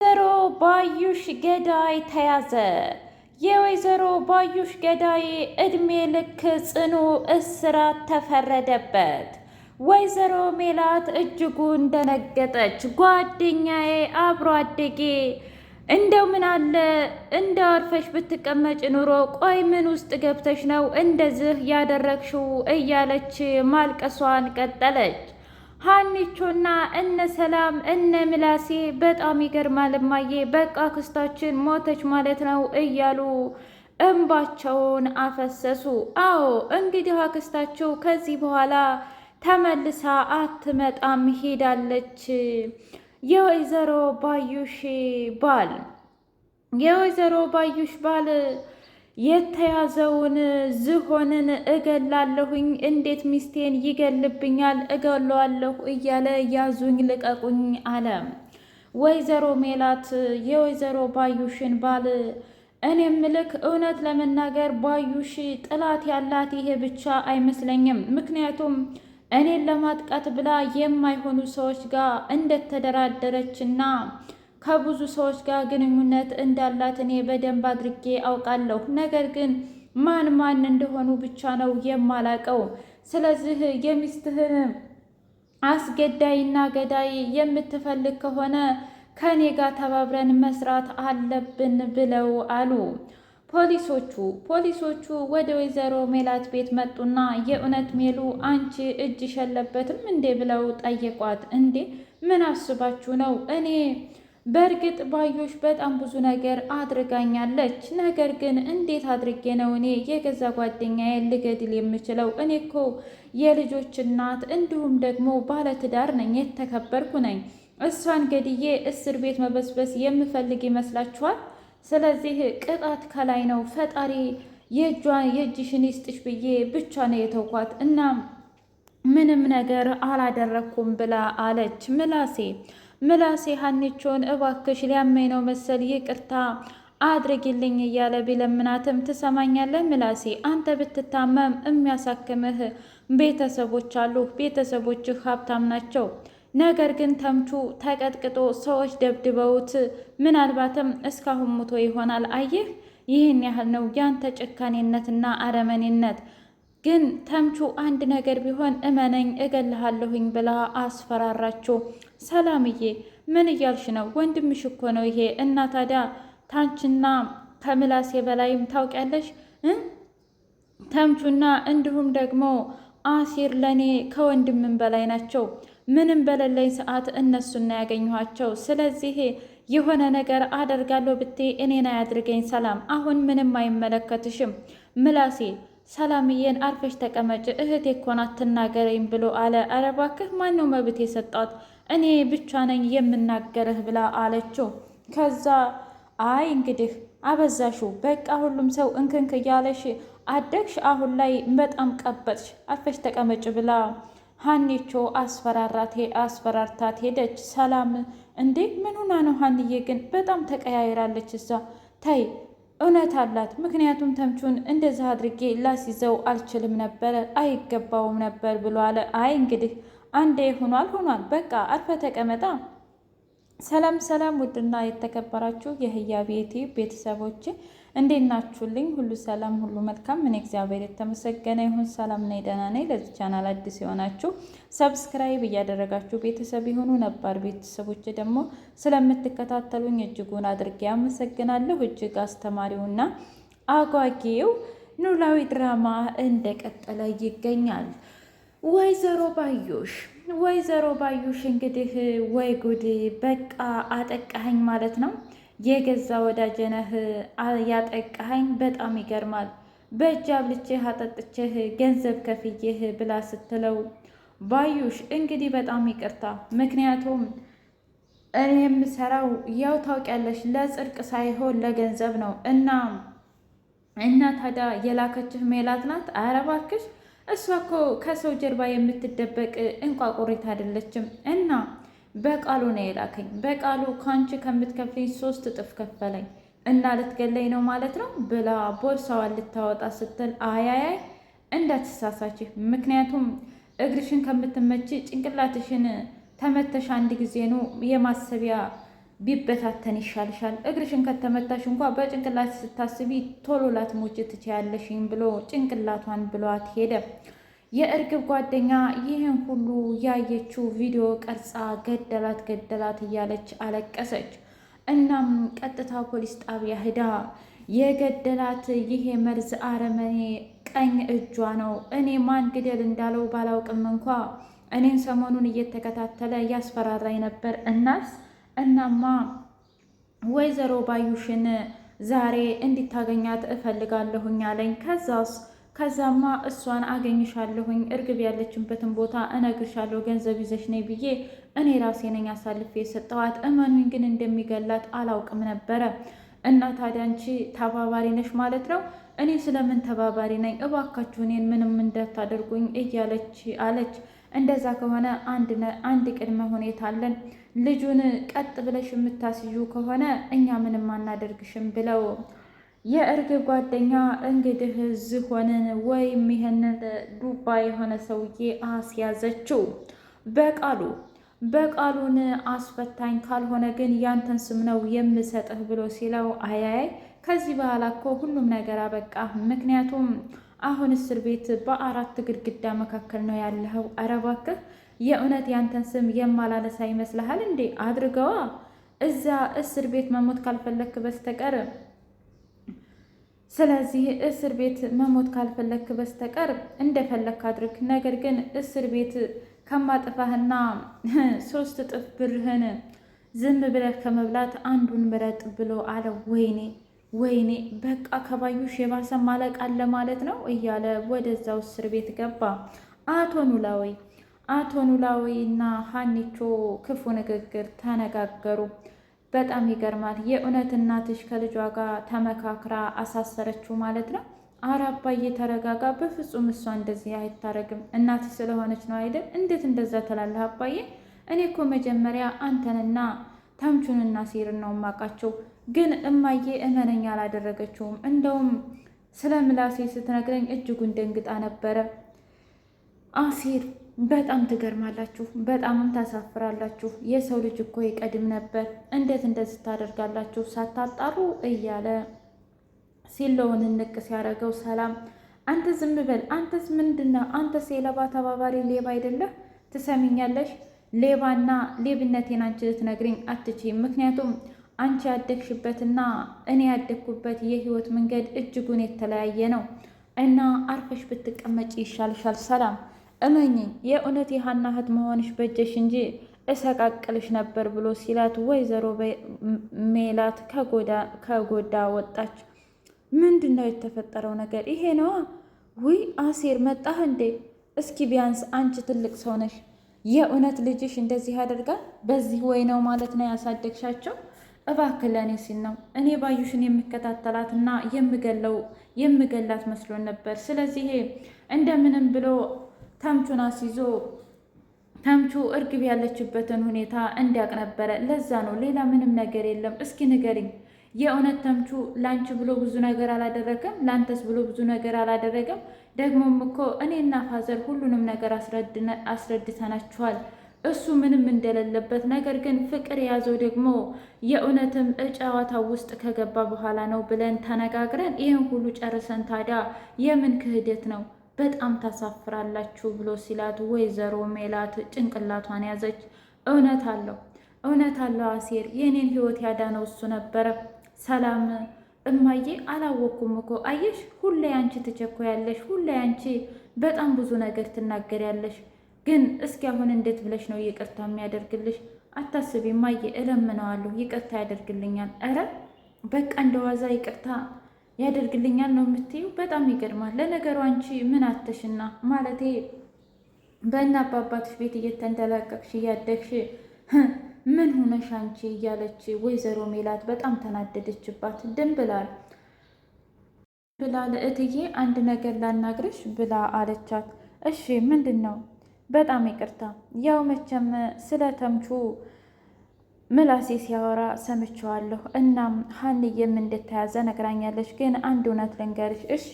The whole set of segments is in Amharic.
ወይዘሮ ባዩሽ ገዳይ ተያዘ። የወይዘሮ ባዩሽ ገዳይ እድሜ ልክ ጽኑ እስራት ተፈረደበት። ወይዘሮ ሜላት እጅጉን ደነገጠች። ጓደኛዬ አብሮ አደጌ እንደው ምን አለ እንደ አርፈሽ ብትቀመጭ ኑሮ፣ ቆይ ምን ውስጥ ገብተሽ ነው እንደዚህ ያደረግሽው? እያለች ማልቀሷን ቀጠለች። ሀኒቾና እነ ሰላም እነ ምላሴ በጣም ይገርማል እማዬ፣ በቃ ክስታችን ሞተች ማለት ነው እያሉ እንባቸውን አፈሰሱ። አዎ እንግዲህ አክስታቸው ከዚህ በኋላ ተመልሳ አትመጣም ሄዳለች። የወይዘሮ ባዩሽ ባል የወይዘሮ ባዩሽ ባል የተያዘውን ዝሆንን እገላለሁኝ፣ እንዴት ሚስቴን ይገልብኛል? እገለዋለሁ እያለ ያዙኝ ልቀቁኝ አለ። ወይዘሮ ሜላት የወይዘሮ ባዩሽን ባል እኔ ምልክ እውነት ለመናገር ባዩሽ ጥላት ያላት ይሄ ብቻ አይመስለኝም። ምክንያቱም እኔን ለማጥቃት ብላ የማይሆኑ ሰዎች ጋር እንደተደራደረችና ከብዙ ሰዎች ጋር ግንኙነት እንዳላት እኔ በደንብ አድርጌ አውቃለሁ። ነገር ግን ማን ማን እንደሆኑ ብቻ ነው የማላቀው። ስለዚህ የሚስትህን አስገዳይና ገዳይ የምትፈልግ ከሆነ ከእኔ ጋር ተባብረን መስራት አለብን ብለው አሉ ፖሊሶቹ። ፖሊሶቹ ወደ ወይዘሮ ሜላት ቤት መጡና የእውነት ሜሉ አንቺ እጅ ሸለበትም እንዴ ብለው ጠየቋት። እንዴ ምን አስባችሁ ነው እኔ በእርግጥ ባዮሽ በጣም ብዙ ነገር አድርጋኛለች። ነገር ግን እንዴት አድርጌ ነው እኔ የገዛ ጓደኛዬን ልገድል የምችለው? እኔ እኮ የልጆች እናት እንዲሁም ደግሞ ባለትዳር ነኝ፣ የተከበርኩ ነኝ። እሷን ገድዬ እስር ቤት መበስበስ የምፈልግ ይመስላችኋል? ስለዚህ ቅጣት ከላይ ነው። ፈጣሪ የእጇ የእጅሽን ይስጥሽ ብዬ ብቻ ነው የተውኳት እና ምንም ነገር አላደረግኩም ብላ አለች ምላሴ ምላሴ ሀኒቾን እባክሽ ሊያመኝ ነው መሰል ይቅርታ አድርጊልኝ እያለ ቢለምናትም ትሰማኛለህ ምላሴ አንተ ብትታመም የሚያሳክምህ ቤተሰቦች አሉ። ቤተሰቦችህ ሀብታም ናቸው። ነገር ግን ተምቹ ተቀጥቅጦ ሰዎች ደብድበውት ምናልባትም እስካሁን ሙቶ ይሆናል። አየህ፣ ይህን ያህል ነው ያንተ ጭካኔነትና አረመኔነት። ግን ተምቹ አንድ ነገር ቢሆን እመነኝ እገልሃለሁኝ ብላ አስፈራራችው። ሰላምዬ ምን እያልሽ ነው? ወንድምሽ እኮ ነው ይሄ። እና ታዲያ ታንችና ከምላሴ በላይም ታውቂያለሽ። ተምቹና እንዲሁም ደግሞ አሲር ለእኔ ከወንድምን በላይ ናቸው። ምንም በሌለኝ ሰዓት እነሱና ያገኘኋቸው። ስለዚህ የሆነ ነገር አደርጋለሁ ብቴ እኔን አያድርገኝ። ሰላም አሁን ምንም አይመለከትሽም ምላሴ ሰላምዬን አርፈሽ ተቀመጭ እህቴ እኮ ናት ትናገረኝ ብሎ አለ። ኧረ እባክህ ማነው መብት የሰጣት እኔ ብቻ ነኝ የምናገርህ ብላ አለችው። ከዛ አይ እንግዲህ አበዛሹ በቃ ሁሉም ሰው እንክንክ እያለሽ አደግሽ፣ አሁን ላይ በጣም ቀበጥሽ፣ አርፈሽ ተቀመጭ ብላ ሀኔቾ አስፈራራት አስፈራርታት ሄደች። ሰላም እንዴ ምን ሆና ነው ሀንዬ ግን በጣም ተቀያይራለች እዛ ታይ እውነት አላት። ምክንያቱም ተምቹን እንደዚህ አድርጌ ላስይዘው አልችልም ነበር፣ አይገባውም ነበር ብሎ አለ። አይ እንግዲህ አንዴ ሆኗል ሆኗል፣ በቃ አርፈ ተቀመጣ። ሰላም ሰላም! ውድና የተከበራችሁ የህያ ቤቴ ቤተሰቦች እንዴት ናችሁልኝ? ሁሉ ሰላም፣ ሁሉ መልካም። እኔ እግዚአብሔር የተመሰገነ ይሁን ሰላም ነኝ፣ ደህና ነኝ። ለዚህ ቻናል አዲስ የሆናችሁ ሰብስክራይብ እያደረጋችሁ ቤተሰብ የሆኑ ነባር ቤተሰቦች ደግሞ ስለምትከታተሉኝ እጅጉን አድርጌ አመሰግናለሁ። እጅግ አስተማሪውና አጓጊው ኖላዊ ድራማ እንደቀጠለ ይገኛል። ወይዘሮ ባዩሽ ወይዘሮ ባዩሽ እንግዲህ ወይ ጉድ፣ በቃ አጠቃኸኝ ማለት ነው የገዛ ወዳጀነህ ያጠቃኸኝ በጣም ይገርማል። በእጅ አብልቼህ አጠጥቼህ ገንዘብ ከፍዬህ ብላ ስትለው ባዩሽ እንግዲህ በጣም ይቅርታ፣ ምክንያቱም እኔ የምሰራው ያው ታውቂያለሽ ለጽድቅ ሳይሆን ለገንዘብ ነው እና እና ታዲያ የላከችህ ሜላት ናት። ኧረ እባክሽ እሷ እኮ ከሰው ጀርባ የምትደበቅ እንቋቁሪት አይደለችም እና በቃሉ ነው የላከኝ። በቃሉ ከአንቺ ከምትከፍለኝ ሶስት እጥፍ ከፈለኝ እና ልትገለኝ ነው ማለት ነው ብላ ቦርሳዋን ልታወጣ ስትል አያያይ እንዳትሳሳች፣ ምክንያቱም እግርሽን ከምትመች ጭንቅላትሽን ተመተሽ አንድ ጊዜ ነው የማሰቢያ ቢበታተን ይሻልሻል። እግርሽን ከተመታሽ እንኳ በጭንቅላት ስታስቢ ቶሎ ላትሞች ትችያለሽኝ ብሎ ጭንቅላቷን ብሏት ሄደ። የእርግብ ጓደኛ ይህን ሁሉ ያየችው ቪዲዮ ቀርጻ ገደላት ገደላት እያለች አለቀሰች። እናም ቀጥታ ፖሊስ ጣቢያ ሂዳ የገደላት ይሄ መርዝ አረመኔ ቀኝ እጇ ነው። እኔ ማን ግደል እንዳለው ባላውቅም እንኳ እኔን ሰሞኑን እየተከታተለ ያስፈራራኝ ነበር። እናስ እናማ ወይዘሮ ባዩሽን ዛሬ እንዲታገኛት እፈልጋለሁኝ አለኝ። ከዛስ ከዛማ እሷን አገኝሻለሁኝ እርግብ ያለችበትን ቦታ እነግርሻለሁ፣ ገንዘብ ይዘሽ ነይ ብዬ እኔ ራሴ ነኝ አሳልፌ የሰጠዋት። እመኑኝ ግን እንደሚገላት አላውቅም ነበረ። እና ታዲያ አንቺ ተባባሪ ነሽ ማለት ነው? እኔ ስለምን ተባባሪ ነኝ? እባካችሁ እኔን ምንም እንዳታደርጉኝ እያለች አለች። እንደዛ ከሆነ አንድ ቅድመ ሁኔታ አለን። ልጁን ቀጥ ብለሽ የምታስዩ ከሆነ እኛ ምንም አናደርግሽም ብለው የእርግብ ጓደኛ እንግዲህ እዚህ ወይም ይህንን ዱባ የሆነ ሰውዬ አስያዘችው። በቃሉ በቃሉን አስፈታኝ፣ ካልሆነ ግን ያንተን ስም ነው የምሰጥህ ብሎ ሲለው አያያይ ከዚህ በኋላ እኮ ሁሉም ነገር አበቃ። ምክንያቱም አሁን እስር ቤት በአራት ግድግዳ መካከል ነው ያለኸው። ኧረ እባክህ የእውነት ያንተን ስም የማላነሳ ይመስልሃል እንዴ? አድርገዋ እዛ እስር ቤት መሞት ካልፈለክ በስተቀር ስለዚህ እስር ቤት መሞት ካልፈለክ በስተቀር እንደፈለክ አድርግ። ነገር ግን እስር ቤት ከማጥፋህና ሶስት እጥፍ ብርህን ዝም ብለህ ከመብላት አንዱን ምረጥ ብሎ አለ ወይኔ ወይኔ በቃ ከባዩሽ የባሰ ማለቅ አለ ማለት ነው እያለ ወደዛው እስር ቤት ገባ። አቶ ኖላዊ አቶ ኖላዊና ሀኒቾ ክፉ ንግግር ተነጋገሩ። በጣም ይገርማል። የእውነት እናትሽ ከልጇ ጋር ተመካክራ አሳሰረችው ማለት ነው? አረ አባዬ ተረጋጋ። በፍጹም እሷ እንደዚህ አይታረግም። እናት ስለሆነች ነው አይደል? እንዴት እንደዛ ትላለህ አባዬ? እኔ እኮ መጀመሪያ አንተንና ታምቹንና ሲርን ነው ማቃቸው ግን እማዬ እመነኛ አላደረገችውም። እንደውም ስለ ምላሴ ስትነግረኝ እጅጉን ደንግጣ ነበረ አሲር በጣም ትገርማላችሁ፣ በጣምም ታሳፍራላችሁ። የሰው ልጅ እኮ ይቀድም ነበር፣ እንዴት እንደዚህ ታደርጋላችሁ ሳታጣሩ እያለ ሲለውን እንቅ ሲያደርገው ሰላም አንተ ዝም በል አንተስ ምንድና አንተስ የሌባ ተባባሪ ሌባ አይደለ ትሰሚኛለሽ? ሌባና ሌብነቴን አንቺ ልትነግሪኝ አትችይ ምክንያቱም አንቺ ያደግሽበትና እኔ ያደግኩበት የህይወት መንገድ እጅጉን የተለያየ ነው እና አርፈሽ ብትቀመጭ ይሻልሻል ሰላም እመኝኝ የእውነት የሀና እህት መሆንሽ በጀሽ እንጂ እሰቃቅልሽ ነበር ብሎ ሲላት ወይዘሮ ሜላት ከጎዳ ወጣች። ምንድን ነው የተፈጠረው ነገር? ይሄ ነዋ። ውይ አሴር መጣህ እንዴ? እስኪ ቢያንስ አንቺ ትልቅ ሰው ነሽ። የእውነት ልጅሽ እንደዚህ ያደርጋል? በዚህ ወይ ነው ማለት ነው ያሳደግሻቸው? እባክህ ለእኔ ሲል ነው። እኔ ባዩሽን የምከታተላት እና የምገለው የምገላት መስሎን ነበር። ስለዚህ እንደምንም ብሎ ተምቹን አስይዞ ተምቹ እርግብ ያለችበትን ሁኔታ እንዲያውቅ ነበረ። ለዛ ነው ሌላ ምንም ነገር የለም። እስኪ ንገሪኝ፣ የእውነት ተምቹ ለአንቺ ብሎ ብዙ ነገር አላደረገም? ላንተስ ብሎ ብዙ ነገር አላደረገም? ደግሞም እኮ እኔና ፋዘር ሁሉንም ነገር አስረድተናችኋል እሱ ምንም እንደሌለበት ነገር ግን ፍቅር የያዘው ደግሞ የእውነትም ጨዋታ ውስጥ ከገባ በኋላ ነው ብለን ተነጋግረን ይህን ሁሉ ጨርሰን ታዲያ የምን ክህደት ነው በጣም ታሳፍራላችሁ ብሎ ሲላት ወይዘሮ ሜላት ጭንቅላቷን ያዘች። እውነት አለው እውነት አለው አሴር የእኔን ህይወት ያዳነው እሱ ነበረ። ሰላም እማዬ አላወኩም እኮ አየሽ፣ ሁሌ አንቺ ትቸኮያለሽ፣ ሁሌ አንቺ በጣም ብዙ ነገር ትናገሪያለሽ። ግን እስኪ አሁን እንዴት ብለሽ ነው ይቅርታ የሚያደርግልሽ? አታስቢ እማዬ፣ እለምነዋለሁ፣ ይቅርታ ያደርግልኛል። ኧረ በቃ እንደዋዛ ይቅርታ ያደርግልኛል ነው የምትይው? በጣም ይገርማል። ለነገሩ አንቺ ምን አተሽና ማለቴ በእና አባባትሽ ቤት እየተንደላቀቅሽ እያደግሽ ምን ሆነሽ አንቺ እያለች ወይዘሮ ሜላት በጣም ተናደደችባት። ድንብላል ብላል እትዬ አንድ ነገር ላናግርሽ ብላ አለቻት። እሺ ምንድን ነው? በጣም ይቅርታ ያው መቼም ስለ ተምቹ ምላሴ ሲያወራ ሰምቼዋለሁ። እናም ሀንዬም እንደተያዘ ነግራኛለች። ግን አንድ እውነት ልንገርሽ፣ እሺ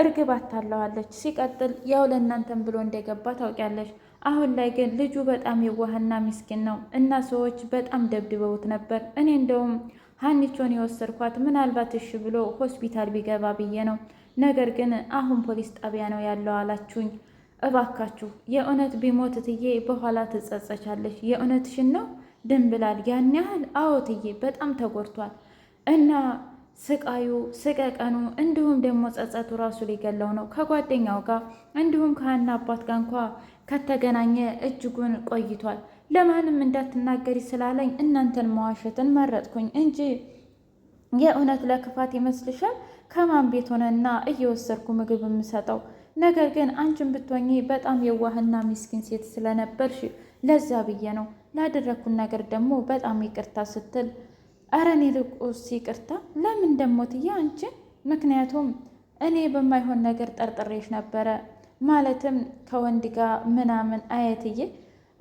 እርግብ አታለዋለች። ሲቀጥል ያው ለእናንተም ብሎ እንደገባ ታውቂያለሽ። አሁን ላይ ግን ልጁ በጣም የዋህና ሚስኪን ነው እና ሰዎች በጣም ደብድበውት ነበር። እኔ እንደውም ሀኒቾን የወሰድኳት ምናልባት እሺ ብሎ ሆስፒታል ቢገባ ብዬ ነው። ነገር ግን አሁን ፖሊስ ጣቢያ ነው ያለው አላችሁኝ። እባካችሁ የእውነት ቢሞት እትዬ በኋላ ትጸጸቻለች። የእውነትሽን ነው ድንብላል ያን ያህል አዎትዬ በጣም ተጎድቷል እና ስቃዩ ስቀቀኑ እንዲሁም ደግሞ ጸጸቱ ራሱ ሊገለው ነው። ከጓደኛው ጋር እንዲሁም ከሀና አባት ጋር እንኳ ከተገናኘ እጅጉን ቆይቷል። ለማንም እንዳትናገሪ ስላለኝ እናንተን መዋሸትን መረጥኩኝ እንጂ የእውነት ለክፋት ይመስልሻል? ከማን ቤት ሆነና እየወሰድኩ ምግብ የምሰጠው? ነገር ግን አንቺን ብትሆኚ በጣም የዋህና ሚስኪን ሴት ስለነበርሽ ለዛ ብዬ ነው ላደረግኩን ነገር ደግሞ በጣም ይቅርታ ስትል እረ እኔ ልቁስ ይቅርታ ለምን ደግሞ ትዬ አንቺ ምክንያቱም እኔ በማይሆን ነገር ጠርጥሬሽ ነበረ ማለትም ከወንድ ጋር ምናምን አየትዬ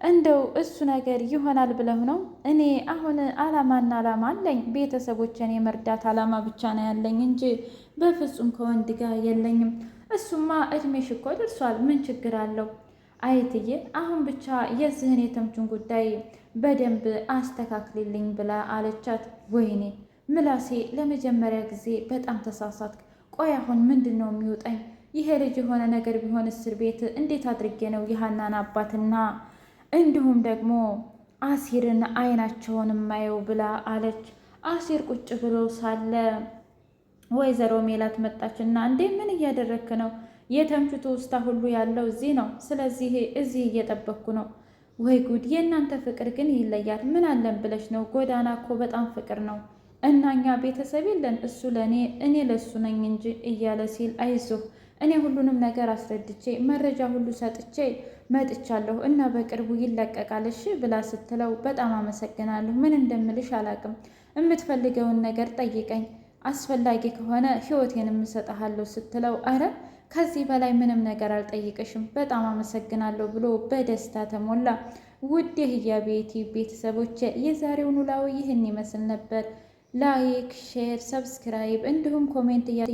እንደው እሱ ነገር ይሆናል ብለው ነው? እኔ አሁን አላማና አላማ አለኝ። ቤተሰቦችን የመርዳት አላማ ብቻ ነው ያለኝ እንጂ በፍጹም ከወንድ ጋር የለኝም። እሱማ እድሜሽ እኮ ደርሷል። ምን ችግር አለው? አይትዬ አሁን ብቻ የዚህን የተምቹን ጉዳይ በደንብ አስተካክልልኝ ብላ አለቻት። ወይኔ ምላሴ ለመጀመሪያ ጊዜ በጣም ተሳሳትክ። ቆይ አሁን ምንድን ነው የሚውጠኝ? ይሄ ልጅ የሆነ ነገር ቢሆን እስር ቤት እንዴት አድርጌ ነው የሀናን አባትና እንዲሁም ደግሞ አሲርን አይናቸውን የማየው ብላ አለች። አሲር ቁጭ ብሎ ሳለ ወይዘሮ ሜላት መጣችና እንዴ ምን እያደረግክ ነው? የተምቹ ትውስታ ሁሉ ያለው እዚህ ነው። ስለዚህ እዚህ እየጠበቅኩ ነው። ወይ ጉድ! የእናንተ ፍቅር ግን ይለያል። ምን አለን ብለሽ ነው? ጎዳና እኮ በጣም ፍቅር ነው እናኛ ቤተሰብ የለን እሱ ለእኔ እኔ ለእሱ ነኝ እንጂ እያለ ሲል አይዞህ እኔ ሁሉንም ነገር አስረድቼ መረጃ ሁሉ ሰጥቼ መጥቻለሁ እና በቅርቡ ይለቀቃል እሺ ብላ ስትለው በጣም አመሰግናለሁ፣ ምን እንደምልሽ አላቅም! የምትፈልገውን ነገር ጠይቀኝ፣ አስፈላጊ ከሆነ ህይወቴን እሰጥሃለሁ ስትለው አረ ከዚህ በላይ ምንም ነገር አልጠይቅሽም፣ በጣም አመሰግናለሁ ብሎ በደስታ ተሞላ። ውድ የህያ ቤቲ ቤተሰቦች የዛሬው ኖላዊ ይህን ይመስል ነበር። ላይክ፣ ሼር፣ ሰብስክራይብ እንዲሁም ኮሜንት